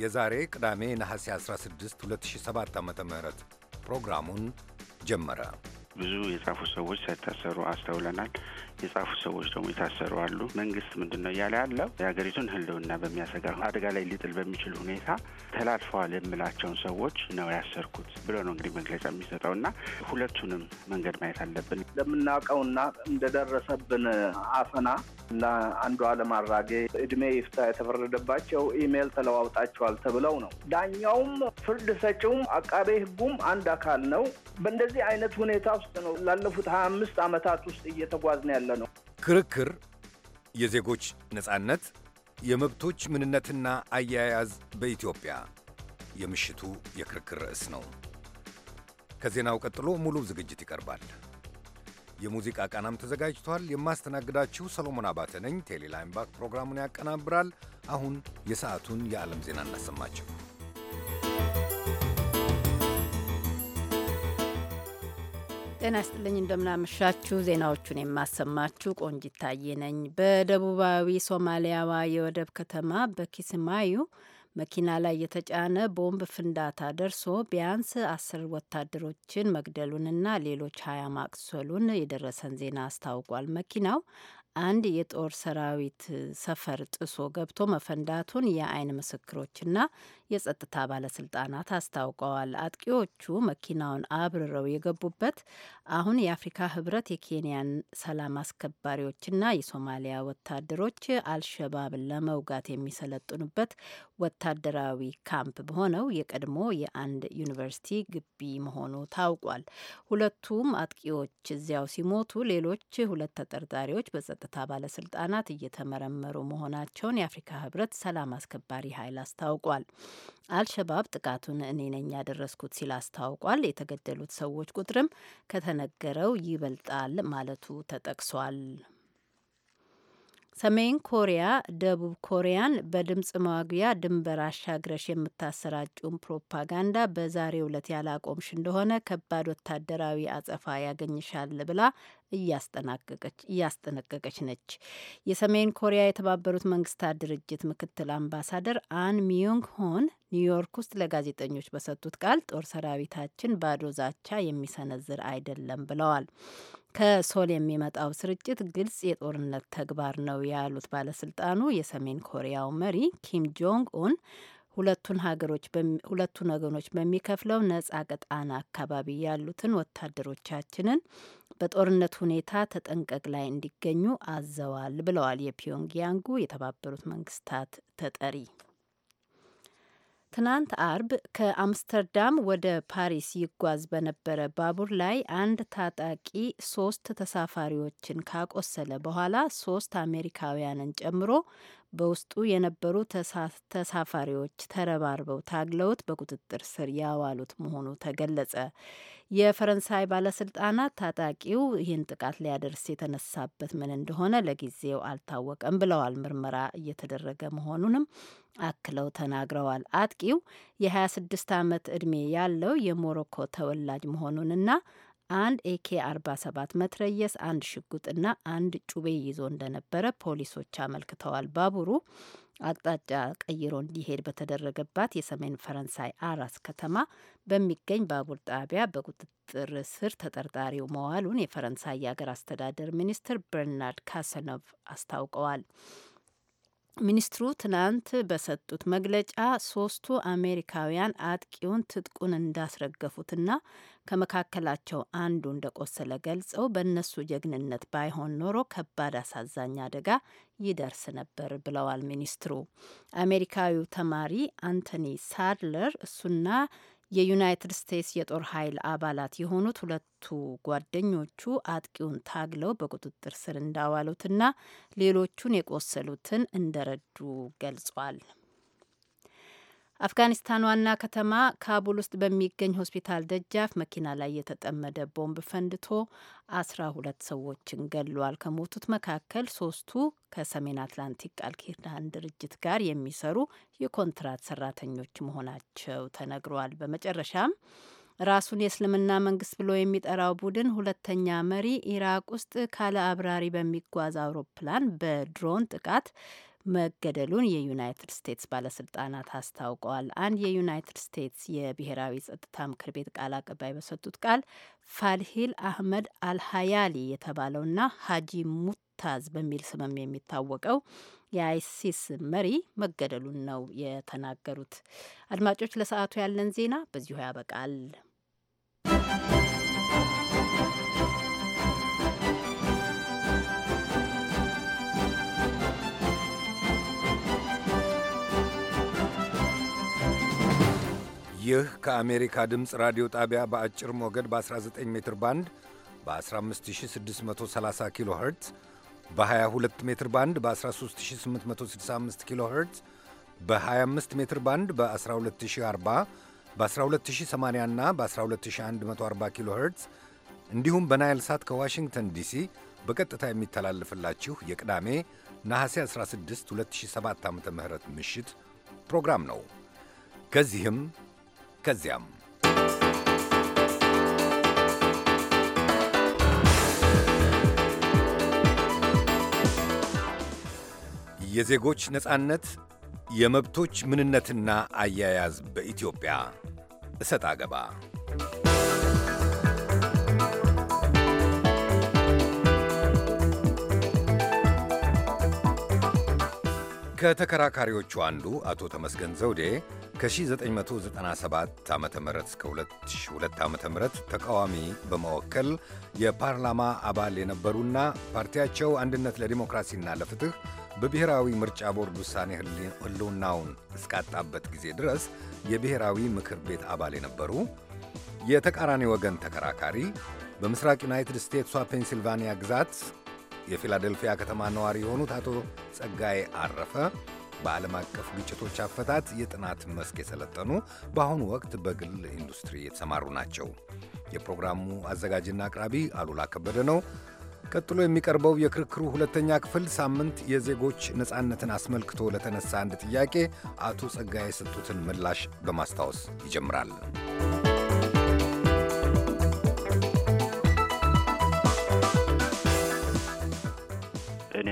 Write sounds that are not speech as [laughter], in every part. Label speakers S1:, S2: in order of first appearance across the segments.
S1: የዛሬ ቅዳሜ ነሐሴ 16 2007 ዓ ም ፕሮግራሙን ጀመረ።
S2: ብዙ የጻፉ ሰዎች ሳይታሰሩ አስተውለናል። የጻፉ ሰዎች ደግሞ የታሰሩ አሉ። መንግስት ምንድን ነው እያለ ያለው የሀገሪቱን ህልውና በሚያሰጋ አደጋ ላይ ሊጥል በሚችል ሁኔታ ተላልፈዋል የምላቸውን ሰዎች ነው ያሰርኩት ብሎ ነው እንግዲህ መግለጫ የሚሰጠው እና ሁለቱንም መንገድ ማየት አለብን። እንደምናውቀውና እንደደረሰብን አፈና እና
S3: አንዱ አለም አራጌ እድሜ ይፍታ የተፈረደባቸው ኢሜይል ተለዋውጣቸዋል ተብለው ነው። ዳኛውም ፍርድ ሰጪውም አቃቤ ህጉም አንድ አካል ነው። በእንደዚህ አይነት ሁኔታ ውስጥ ነው ላለፉት ሀያ አምስት አመታት ውስጥ እየተጓዝን ያለ ያለ ነው።
S1: ክርክር የዜጎች ነጻነት የመብቶች ምንነትና አያያዝ በኢትዮጵያ የምሽቱ የክርክር ርዕስ ነው። ከዜናው ቀጥሎ ሙሉ ዝግጅት ይቀርባል። የሙዚቃ ቃናም ተዘጋጅቷል። የማስተናግዳችሁ ሰሎሞን አባተ ነኝ። ቴሌላይም ባክ ፕሮግራሙን ያቀናብራል። አሁን የሰዓቱን የዓለም ዜና እናሰማችሁ።
S4: ጤና ይስጥልኝ እንደምናመሻችሁ። ዜናዎቹን የማሰማችሁ ቆንጂት ታዬ ነኝ። በደቡባዊ ሶማሊያዋ የወደብ ከተማ በኪስማዩ መኪና ላይ የተጫነ ቦምብ ፍንዳታ ደርሶ ቢያንስ አስር ወታደሮችን መግደሉንና ሌሎች ሀያ ማቅሰሉን የደረሰን ዜና አስታውቋል። መኪናው አንድ የጦር ሰራዊት ሰፈር ጥሶ ገብቶ መፈንዳቱን የአይን ምስክሮችና የጸጥታ ባለስልጣናት አስታውቀዋል። አጥቂዎቹ መኪናውን አብርረው የገቡበት አሁን የአፍሪካ ህብረት፣ የኬንያን ሰላም አስከባሪዎችና የሶማሊያ ወታደሮች አልሸባብን ለመውጋት የሚሰለጥኑበት ወታደራዊ ካምፕ በሆነው የቀድሞ የአንድ ዩኒቨርሲቲ ግቢ መሆኑ ታውቋል። ሁለቱም አጥቂዎች እዚያው ሲሞቱ ሌሎች ሁለት ተጠርጣሪዎች በጸጥታ ባለስልጣናት እየተመረመሩ መሆናቸውን የአፍሪካ ህብረት ሰላም አስከባሪ ኃይል አስታውቋል። አልሸባብ ጥቃቱን እኔ ነኝ ያደረስኩት ሲል አስታውቋል። የተገደሉት ሰዎች ቁጥርም ከተነገረው ይበልጣል ማለቱ ተጠቅሷል። ሰሜን ኮሪያ ደቡብ ኮሪያን በድምፅ ማጉያ ድንበር አሻግረሽ የምታሰራጩን ፕሮፓጋንዳ በዛሬ ዕለት ያላቆምሽ እንደሆነ ከባድ ወታደራዊ አጸፋ ያገኝሻል ብላ እያስጠነቀቀች ነች። የሰሜን ኮሪያ የተባበሩት መንግስታት ድርጅት ምክትል አምባሳደር አን ሚዩንግ ሆን ኒውዮርክ ውስጥ ለጋዜጠኞች በሰጡት ቃል ጦር ሰራዊታችን ባዶ ዛቻ የሚሰነዝር አይደለም ብለዋል። ከሶል የሚመጣው ስርጭት ግልጽ የጦርነት ተግባር ነው ያሉት ባለስልጣኑ የሰሜን ኮሪያው መሪ ኪም ጆንግ ኡን ሁለቱን ሀገሮች ሁለቱን ወገኖች በሚከፍለው ነጻ ቀጣና አካባቢ ያሉትን ወታደሮቻችንን በጦርነት ሁኔታ ተጠንቀቅ ላይ እንዲገኙ አዘዋል ብለዋል የፒዮንግያንጉ የተባበሩት መንግስታት ተጠሪ። ትናንት አርብ ከአምስተርዳም ወደ ፓሪስ ይጓዝ በነበረ ባቡር ላይ አንድ ታጣቂ ሶስት ተሳፋሪዎችን ካቆሰለ በኋላ ሶስት አሜሪካውያንን ጨምሮ በውስጡ የነበሩ ተሳፋሪዎች ተረባርበው ታግለውት በቁጥጥር ስር ያዋሉት መሆኑ ተገለጸ። የፈረንሳይ ባለስልጣናት ታጣቂው ይህን ጥቃት ሊያደርስ የተነሳበት ምን እንደሆነ ለጊዜው አልታወቀም ብለዋል። ምርመራ እየተደረገ መሆኑንም አክለው ተናግረዋል። አጥቂው የ26 ዓመት ዕድሜ ያለው የሞሮኮ ተወላጅ መሆኑንና አንድ ኤኬ 47 መትረየስ፣ አንድ ሽጉጥና አንድ ጩቤ ይዞ እንደነበረ ፖሊሶች አመልክተዋል። ባቡሩ አቅጣጫ ቀይሮ እንዲሄድ በተደረገባት የሰሜን ፈረንሳይ አራስ ከተማ በሚገኝ ባቡር ጣቢያ በቁጥጥር ስር ተጠርጣሪው መዋሉን የፈረንሳይ የሀገር አስተዳደር ሚኒስትር በርናርድ ካሰኖቭ አስታውቀዋል። ሚኒስትሩ ትናንት በሰጡት መግለጫ ሶስቱ አሜሪካውያን አጥቂውን ትጥቁን እንዳስረገፉትና ከመካከላቸው አንዱ እንደቆሰለ ገልጸው በእነሱ ጀግንነት ባይሆን ኖሮ ከባድ አሳዛኝ አደጋ ይደርስ ነበር ብለዋል። ሚኒስትሩ አሜሪካዊው ተማሪ አንቶኒ ሳድለር እሱና የዩናይትድ ስቴትስ የጦር ኃይል አባላት የሆኑት ሁለቱ ጓደኞቹ አጥቂውን ታግለው በቁጥጥር ስር እንዳዋሉትና ሌሎቹን የቆሰሉትን እንደረዱ ገልጿል። አፍጋኒስታን ዋና ከተማ ካቡል ውስጥ በሚገኝ ሆስፒታል ደጃፍ መኪና ላይ የተጠመደ ቦምብ ፈንድቶ አስራ ሁለት ሰዎችን ገሏል። ከሞቱት መካከል ሶስቱ ከሰሜን አትላንቲክ ቃል ኪዳን ድርጅት ጋር የሚሰሩ የኮንትራት ሰራተኞች መሆናቸው ተነግሯል። በመጨረሻም ራሱን የእስልምና መንግስት ብሎ የሚጠራው ቡድን ሁለተኛ መሪ ኢራቅ ውስጥ ካለ አብራሪ በሚጓዝ አውሮፕላን በድሮን ጥቃት መገደሉን የዩናይትድ ስቴትስ ባለስልጣናት አስታውቀዋል። አንድ የዩናይትድ ስቴትስ የብሔራዊ ጸጥታ ምክር ቤት ቃል አቀባይ በሰጡት ቃል ፋልሂል አህመድ አልሀያሊ የተባለውና ሀጂ ሙታዝ በሚል ስምም የሚታወቀው የአይሲስ መሪ መገደሉን ነው የተናገሩት። አድማጮች፣ ለሰዓቱ ያለን ዜና በዚሁ ያበቃል።
S1: ይህ ከአሜሪካ ድምፅ ራዲዮ ጣቢያ በአጭር ሞገድ በ19 ሜትር ባንድ በ15630 ኪሎ ኸርትዝ በ22 ሜትር ባንድ በ13865 ኪሎ ኸርትዝ በ25 ሜትር ባንድ በ 1240 በ 1280 እና በ12140 ኪሎ ኸርትዝ እንዲሁም በናይል ሳት ከዋሽንግተን ዲሲ በቀጥታ የሚተላለፍላችሁ የቅዳሜ ነሐሴ 16 2007 ዓ ም ምሽት ፕሮግራም ነው። ከዚህም ከዚያም የዜጎች ነጻነት የመብቶች ምንነትና አያያዝ በኢትዮጵያ እሰጥ አገባ ከተከራካሪዎቹ አንዱ አቶ ተመስገን ዘውዴ ከ1997 ዓ ም እስከ 2002 ዓ ም ተቃዋሚ በመወከል የፓርላማ አባል የነበሩና ፓርቲያቸው አንድነት ለዲሞክራሲና ለፍትህ በብሔራዊ ምርጫ ቦርድ ውሳኔ ህልውናውን እስካጣበት ጊዜ ድረስ የብሔራዊ ምክር ቤት አባል የነበሩ የተቃራኒ ወገን ተከራካሪ በምስራቅ ዩናይትድ ስቴትሷ ፔንሲልቫኒያ ግዛት የፊላደልፊያ ከተማ ነዋሪ የሆኑት አቶ ጸጋዬ አረፈ በዓለም አቀፍ ግጭቶች አፈታት የጥናት መስክ የሰለጠኑ በአሁኑ ወቅት በግል ኢንዱስትሪ የተሰማሩ ናቸው። የፕሮግራሙ አዘጋጅና አቅራቢ አሉላ ከበደ ነው። ቀጥሎ የሚቀርበው የክርክሩ ሁለተኛ ክፍል ሳምንት የዜጎች ነፃነትን አስመልክቶ ለተነሳ አንድ ጥያቄ አቶ ጸጋዬ የሰጡትን ምላሽ በማስታወስ ይጀምራል።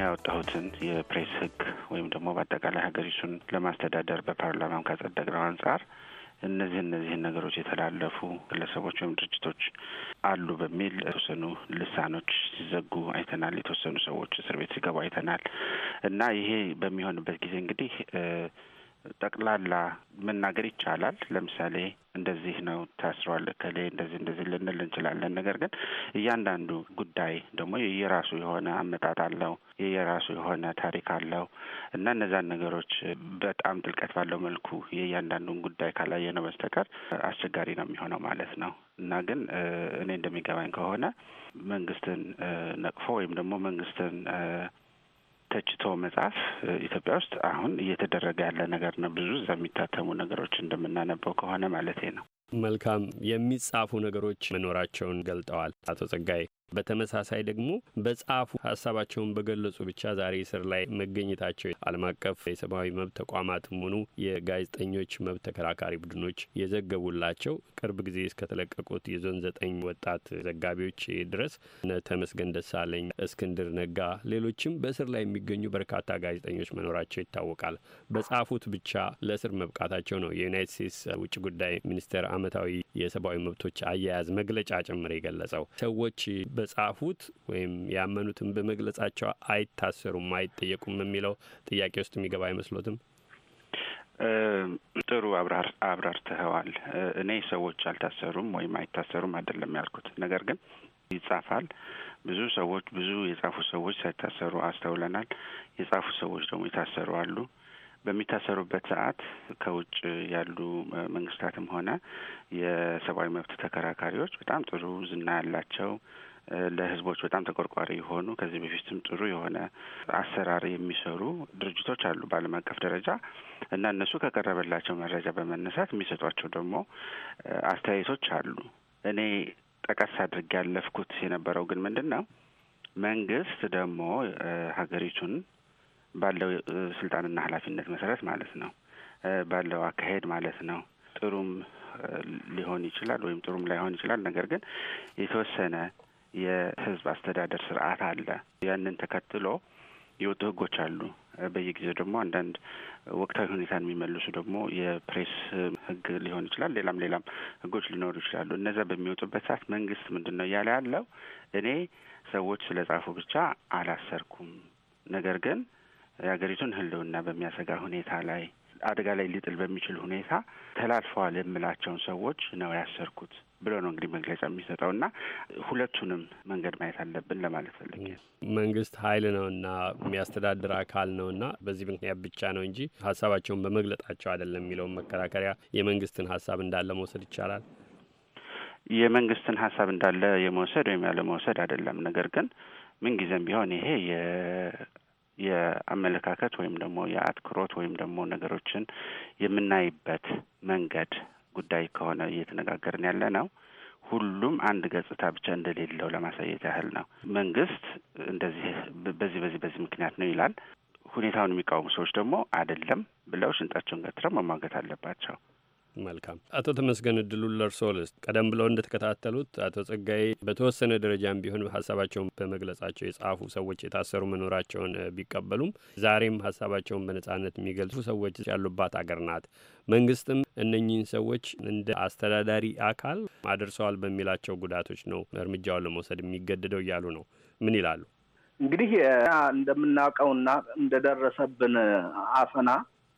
S2: ያወጣሁትን የፕሬስ ህግ ወይም ደግሞ በአጠቃላይ ሀገሪቱን ለማስተዳደር በፓርላማ ካጸደቅነው አንጻር እነዚህ እነዚህን ነገሮች የተላለፉ ግለሰቦች ወይም ድርጅቶች አሉ በሚል የተወሰኑ ልሳኖች ሲዘጉ አይተናል። የተወሰኑ ሰዎች እስር ቤት ሲገቡ አይተናል እና ይሄ በሚሆንበት ጊዜ እንግዲህ ጠቅላላ መናገር ይቻላል። ለምሳሌ እንደዚህ ነው ታስሯል፣ እከሌ እንደዚህ እንደዚህ ልንል እንችላለን። ነገር ግን እያንዳንዱ ጉዳይ ደግሞ የየራሱ የሆነ አመጣጥ አለው፣ የየራሱ የሆነ ታሪክ አለው እና እነዛን ነገሮች በጣም ጥልቀት ባለው መልኩ የእያንዳንዱን ጉዳይ ካላየነው በስተቀር አስቸጋሪ ነው የሚሆነው ማለት ነው እና ግን እኔ እንደሚገባኝ ከሆነ መንግስትን ነቅፎ ወይም ደግሞ መንግስትን ተችቶ መጽሐፍ ኢትዮጵያ ውስጥ አሁን እየተደረገ ያለ ነገር ነው። ብዙ እዛ የሚታተሙ ነገሮች እንደምናነበው ከሆነ ማለት ነው።
S5: መልካም የሚጻፉ ነገሮች መኖራቸውን ገልጠዋል አቶ ጸጋይ። በተመሳሳይ ደግሞ በጻፉ ሀሳባቸውን በገለጹ ብቻ ዛሬ እስር ላይ መገኘታቸው ዓለም አቀፍ የሰብአዊ መብት ተቋማትም ሆኑ የጋዜጠኞች መብት ተከራካሪ ቡድኖች የዘገቡላቸው ቅርብ ጊዜ እስከተለቀቁት የዞን ዘጠኝ ወጣት ዘጋቢዎች ድረስ እነ ተመስገን ደሳለኝ፣ እስክንድር ነጋ፣ ሌሎችም በእስር ላይ የሚገኙ በርካታ ጋዜጠኞች መኖራቸው ይታወቃል። በጻፉት ብቻ ለእስር መብቃታቸው ነው የዩናይት ስቴትስ ውጭ ጉዳይ ሚኒስቴር አመታዊ የሰብአዊ መብቶች አያያዝ መግለጫ ጭምር የገለጸው ሰዎች በጻፉት ወይም ያመኑትን በመግለጻቸው አይታሰሩም፣ አይጠየቁም የሚለው ጥያቄ ውስጥ የሚገባ አይመስሎትም? ጥሩ
S2: አብራርተኸዋል። እኔ ሰዎች አልታሰሩም ወይም አይታሰሩም አይደለም ያልኩት፣ ነገር ግን ይጻፋል። ብዙ ሰዎች ብዙ የጻፉ ሰዎች ሳይታሰሩ አስተውለናል። የጻፉ ሰዎች ደግሞ የታሰሩ አሉ። በሚታሰሩበት ሰዓት ከውጭ ያሉ መንግስታትም ሆነ የሰብአዊ መብት ተከራካሪዎች በጣም ጥሩ ዝና ያላቸው ለህዝቦች በጣም ተቆርቋሪ የሆኑ ከዚህ በፊትም ጥሩ የሆነ አሰራር የሚሰሩ ድርጅቶች አሉ በዓለም አቀፍ ደረጃ እና እነሱ ከቀረበላቸው መረጃ በመነሳት የሚሰጧቸው ደግሞ አስተያየቶች አሉ። እኔ ጠቀስ አድርግ ያለፍኩት የነበረው ግን ምንድን ነው መንግስት ደግሞ ሀገሪቱን ባለው ስልጣንና ኃላፊነት መሰረት ማለት ነው ባለው አካሄድ ማለት ነው ጥሩም ሊሆን ይችላል ወይም ጥሩም ላይሆን ይችላል። ነገር ግን የተወሰነ የህዝብ አስተዳደር ስርዓት አለ። ያንን ተከትሎ የወጡ ህጎች አሉ። በየጊዜው ደግሞ አንዳንድ ወቅታዊ ሁኔታን የሚመልሱ ደግሞ የፕሬስ ህግ ሊሆን ይችላል። ሌላም ሌላም ህጎች ሊኖሩ ይችላሉ። እነዚያ በሚወጡበት ሰዓት መንግስት ምንድን ነው እያለ ያለው እኔ ሰዎች ስለ ጻፉ ብቻ አላሰርኩም፣ ነገር ግን የሀገሪቱን ህልውና በሚያሰጋ ሁኔታ ላይ አደጋ ላይ ሊጥል በሚችል ሁኔታ ተላልፈዋል የምላቸውን ሰዎች ነው ያሰርኩት ብሎ ነው እንግዲህ መግለጫ የሚሰጠው እና ሁለቱንም መንገድ ማየት አለብን ለማለት ፈልጌ
S5: መንግስት ኃይል ነውና የሚያስተዳድር አካል ነውና በዚህ ምክንያት ብቻ ነው እንጂ ሀሳባቸውን በመግለጣቸው አይደለም የሚለውን መከራከሪያ የመንግስትን ሀሳብ እንዳለ መውሰድ ይቻላል።
S2: የመንግስትን ሀሳብ እንዳለ የመውሰድ ወይም ያለመውሰድ አይደለም። ነገር ግን ምንጊዜም ቢሆን ይሄ የአመለካከት ወይም ደግሞ የአትኩሮት ወይም ደግሞ ነገሮችን የምናይበት መንገድ ጉዳይ ከሆነ እየተነጋገርን ያለ ነው። ሁሉም አንድ ገጽታ ብቻ እንደሌለው ለማሳየት ያህል ነው። መንግስት እንደዚህ በዚህ በዚህ በዚህ ምክንያት ነው ይላል። ሁኔታውን የሚቃወሙ ሰዎች ደግሞ አይደለም ብለው ሽንጣቸውን ገትረው መሟገት አለባቸው። መልካም
S5: አቶ ተመስገን እድሉን ለርሶ ልስጥ። ቀደም ብለው እንደተከታተሉት አቶ ጸጋዬ በተወሰነ ደረጃም ቢሆን ሀሳባቸውን በመግለጻቸው የጻፉ ሰዎች የታሰሩ መኖራቸውን ቢቀበሉም ዛሬም ሀሳባቸውን በነጻነት የሚገልጹ ሰዎች ያሉባት አገር ናት። መንግስትም እነኚህን ሰዎች እንደ አስተዳዳሪ አካል አድርሰዋል በሚላቸው ጉዳቶች ነው እርምጃውን ለመውሰድ የሚገደደው እያሉ ነው። ምን ይላሉ?
S3: እንግዲህ እንደምናውቀውና እንደደረሰብን አፈና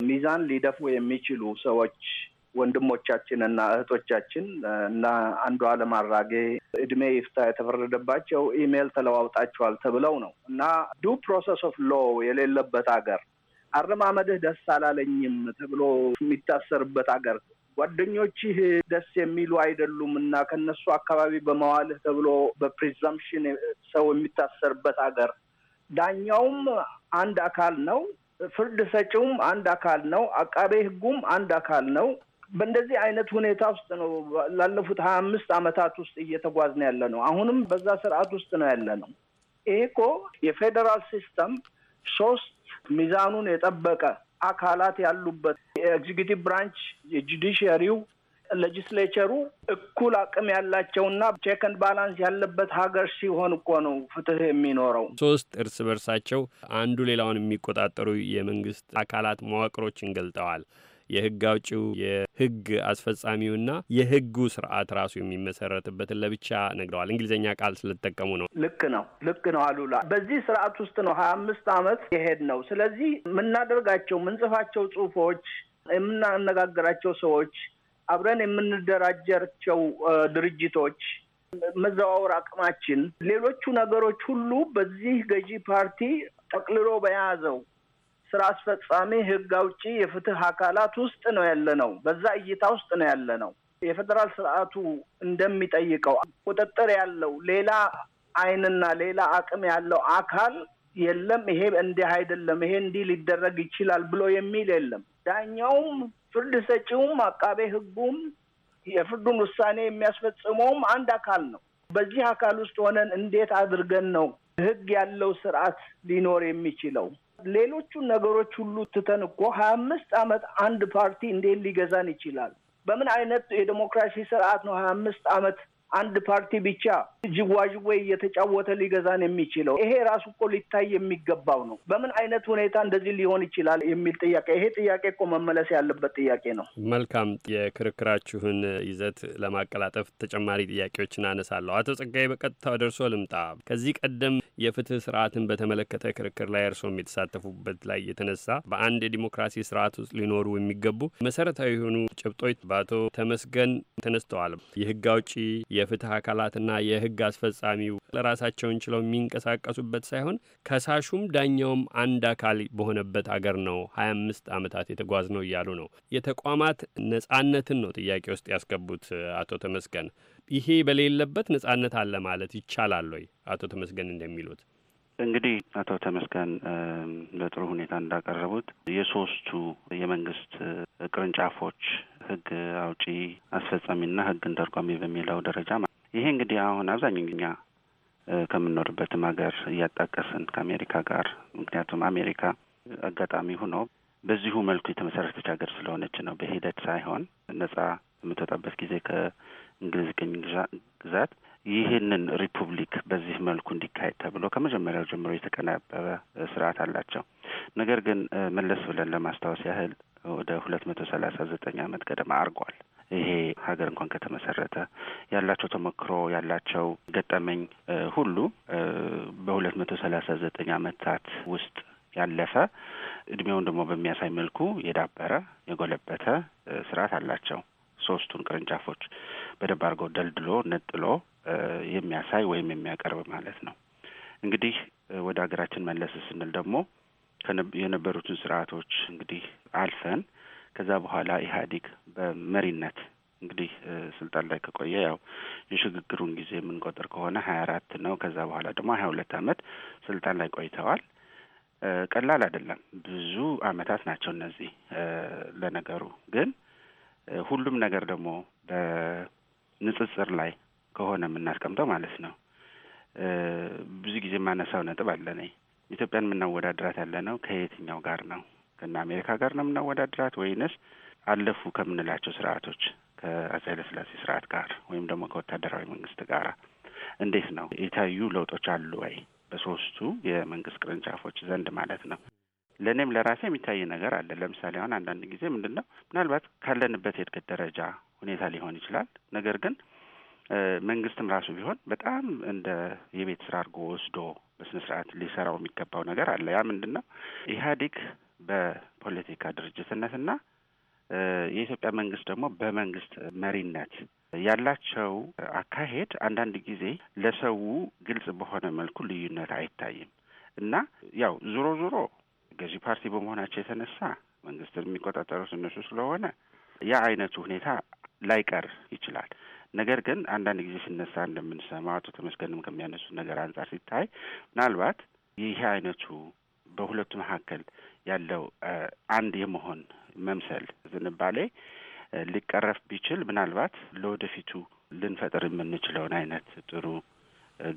S3: ሚዛን ሊደፉ የሚችሉ ሰዎች ወንድሞቻችን እና እህቶቻችን እና አንዱ አለም አራጌ እድሜ ይፍታ የተፈረደባቸው ኢሜይል ተለዋውጣቸዋል ተብለው ነው እና ዱ ፕሮሰስ ኦፍ ሎ የሌለበት ሀገር አረማመድህ ደስ አላለኝም ተብሎ የሚታሰርበት ሀገር ጓደኞችህ ደስ የሚሉ አይደሉም እና ከነሱ አካባቢ በመዋልህ ተብሎ በፕሪዛምፕሽን ሰው የሚታሰርበት ሀገር ዳኛውም አንድ አካል ነው። ፍርድ ሰጪውም አንድ አካል ነው። አቃቤ ህጉም አንድ አካል ነው። በእንደዚህ አይነት ሁኔታ ውስጥ ነው ላለፉት ሀያ አምስት አመታት ውስጥ እየተጓዝን ያለ ነው። አሁንም በዛ ስርዓት ውስጥ ነው ያለ ነው። ይሄ እኮ የፌዴራል ሲስተም ሶስት ሚዛኑን የጠበቀ አካላት ያሉበት የኤግዚኪቲቭ ብራንች፣ የጁዲሽሪው፣ ሌጅስሌቸሩ እኩል አቅም ያላቸውና ቼክን ባላንስ ያለበት ሀገር ሲሆን እኮ ነው ፍትህ የሚኖረው።
S5: ሶስት እርስ በርሳቸው አንዱ ሌላውን የሚቆጣጠሩ የመንግስት አካላት መዋቅሮችን ገልጠዋል። የህግ አውጪው የህግ አስፈጻሚውና የህጉ ስርዓት ራሱ የሚመሰረትበትን ለብቻ ነግረዋል። እንግሊዝኛ ቃል ስለተጠቀሙ ነው። ልክ ነው፣
S3: ልክ ነው አሉላ። በዚህ ስርዓት ውስጥ ነው ሀያ አምስት አመት የሄድ ነው። ስለዚህ የምናደርጋቸው የምንጽፋቸው ጽሁፎች፣ የምናነጋግራቸው ሰዎች፣ አብረን የምንደራጃቸው ድርጅቶች መዘዋወር አቅማችን ሌሎቹ ነገሮች ሁሉ በዚህ ገዢ ፓርቲ ጠቅልሎ በያዘው ስራ አስፈጻሚ ህግ አውጪ የፍትህ አካላት ውስጥ ነው ያለ ነው። በዛ እይታ ውስጥ ነው ያለ ነው። የፌዴራል ስርዓቱ እንደሚጠይቀው ቁጥጥር ያለው ሌላ አይንና ሌላ አቅም ያለው አካል የለም። ይሄ እንዲህ አይደለም፣ ይሄ እንዲህ ሊደረግ ይችላል ብሎ የሚል የለም። ዳኛውም፣ ፍርድ ሰጪውም፣ አቃቤ ህጉም የፍርዱን ውሳኔ የሚያስፈጽመውም አንድ አካል ነው። በዚህ አካል ውስጥ ሆነን እንዴት አድርገን ነው ህግ ያለው ስርዓት ሊኖር የሚችለው? ሌሎቹን ነገሮች ሁሉ ትተን እኮ ሀያ አምስት ዓመት አንድ ፓርቲ እንዴት ሊገዛን ይችላል? በምን አይነት የዴሞክራሲ ስርዓት ነው ሀያ አምስት ዓመት አንድ ፓርቲ ብቻ ጅዋዥዌ እየተጫወተ ሊገዛን የሚችለው ይሄ ራሱ እኮ ሊታይ የሚገባው ነው። በምን አይነት ሁኔታ እንደዚህ ሊሆን ይችላል የሚል ጥያቄ ይሄ ጥያቄ እኮ መመለስ ያለበት ጥያቄ ነው።
S5: መልካም፣ የክርክራችሁን ይዘት ለማቀላጠፍ ተጨማሪ ጥያቄዎችን አነሳለሁ። አቶ ጸጋዬ በቀጥታ ደርሶ ልምጣ። ከዚህ ቀደም የፍትህ ስርዓትን በተመለከተ ክርክር ላይ እርሶም የተሳተፉበት ላይ የተነሳ በአንድ የዲሞክራሲ ስርዓት ውስጥ ሊኖሩ የሚገቡ መሰረታዊ የሆኑ ጭብጦች በአቶ ተመስገን ተነስተዋል። የህግ አውጪ የፍትህ አካላትና የህግ አስፈጻሚው ለራሳቸውን ችለው የሚንቀሳቀሱበት ሳይሆን ከሳሹም ዳኛውም አንድ አካል በሆነበት አገር ነው ሀያ አምስት ዓመታት የተጓዝ ነው እያሉ ነው። የተቋማት ነጻነትን ነው ጥያቄ ውስጥ ያስገቡት አቶ ተመስገን። ይሄ በሌለበት ነጻነት አለ ማለት ይቻላል ወይ? አቶ ተመስገን እንደሚሉት
S2: እንግዲህ አቶ ተመስገን በጥሩ ሁኔታ እንዳቀረቡት የሶስቱ የመንግስት ቅርንጫፎች ህግ አውጪ አስፈጻሚና ህግ ተርጓሚ በሚለው ደረጃ ይሄ እንግዲህ አሁን አብዛኛው እኛ ከምንኖርበትም ሀገር እያጣቀስን ከአሜሪካ ጋር ምክንያቱም አሜሪካ አጋጣሚ ሆኖ በዚሁ መልኩ የተመሰረተች ሀገር ስለሆነች ነው። በሂደት ሳይሆን ነጻ የምትወጣበት ጊዜ ከእንግሊዝ ቅኝ ግዛት ይህንን ሪፑብሊክ በዚህ መልኩ እንዲካሄድ ተብሎ ከመጀመሪያው ጀምሮ የተቀናበበ ስርዓት አላቸው። ነገር ግን መለስ ብለን ለማስታወስ ያህል ወደ ሁለት መቶ ሰላሳ ዘጠኝ ዓመት ገደማ አድርጓል። ይሄ ሀገር እንኳን ከተመሰረተ ያላቸው ተሞክሮ ያላቸው ገጠመኝ ሁሉ በሁለት መቶ ሰላሳ ዘጠኝ አመታት ውስጥ ያለፈ እድሜውን ደግሞ በሚያሳይ መልኩ የዳበረ የጎለበተ ስርዓት አላቸው። ሶስቱን ቅርንጫፎች በደንብ አድርገው ደልድሎ ነጥሎ የሚያሳይ ወይም የሚያቀርብ ማለት ነው። እንግዲህ ወደ ሀገራችን መለስ ስንል ደግሞ የነበሩትን ስርዓቶች እንግዲህ አልፈን ከዛ በኋላ ኢህአዴግ በመሪነት እንግዲህ ስልጣን ላይ ከቆየ ያው የሽግግሩን ጊዜ የምንቆጥር ከሆነ ሀያ አራት ነው። ከዛ በኋላ ደግሞ ሀያ ሁለት አመት ስልጣን ላይ ቆይተዋል። ቀላል አይደለም። ብዙ አመታት ናቸው እነዚህ። ለነገሩ ግን ሁሉም ነገር ደግሞ በንጽጽር ላይ ከሆነ የምናስቀምጠው ማለት ነው። ብዙ ጊዜ የማነሳው ነጥብ አለ ነኝ ኢትዮጵያን የምናወዳድራት ያለ ነው ከየትኛው ጋር ነው? ከእነ አሜሪካ ጋር ነው የምናወዳድራት ወይንስ አለፉ ከምንላቸው ስርዓቶች ከአፄ ኃይለ ሥላሴ ስርዓት ጋር ወይም ደግሞ ከወታደራዊ መንግስት ጋር እንዴት ነው የታዩ ለውጦች አሉ ወይ በሶስቱ የመንግስት ቅርንጫፎች ዘንድ ማለት ነው። ለእኔም ለራሴ የሚታይ ነገር አለ። ለምሳሌ አሁን አንዳንድ ጊዜ ምንድን ነው ምናልባት ካለንበት የእድገት ደረጃ ሁኔታ ሊሆን ይችላል። ነገር ግን መንግስትም ራሱ ቢሆን በጣም እንደ የቤት ስራ አድርጎ ወስዶ በስነ ስርዓት ሊሰራው የሚገባው ነገር አለ። ያ ምንድን ነው? ኢህአዴግ በፖለቲካ ድርጅትነትና የኢትዮጵያ መንግስት ደግሞ በመንግስት መሪነት ያላቸው አካሄድ አንዳንድ ጊዜ ለሰው ግልጽ በሆነ መልኩ ልዩነት አይታይም እና ያው ዞሮ ዞሮ ገዢ ፓርቲ በመሆናቸው የተነሳ መንግስትን የሚቆጣጠሩት እነሱ ስለሆነ ያ አይነቱ ሁኔታ ላይቀር ይችላል። ነገር ግን አንዳንድ ጊዜ ሲነሳ እንደምንሰማው አቶ ተመስገንም ከሚያነሱት ነገር አንጻር ሲታይ ምናልባት ይህ አይነቱ በሁለቱ መካከል ያለው አንድ የመሆን መምሰል ዝንባሌ ሊቀረፍ ቢችል ምናልባት ለወደፊቱ ልንፈጥር የምንችለውን አይነት ጥሩ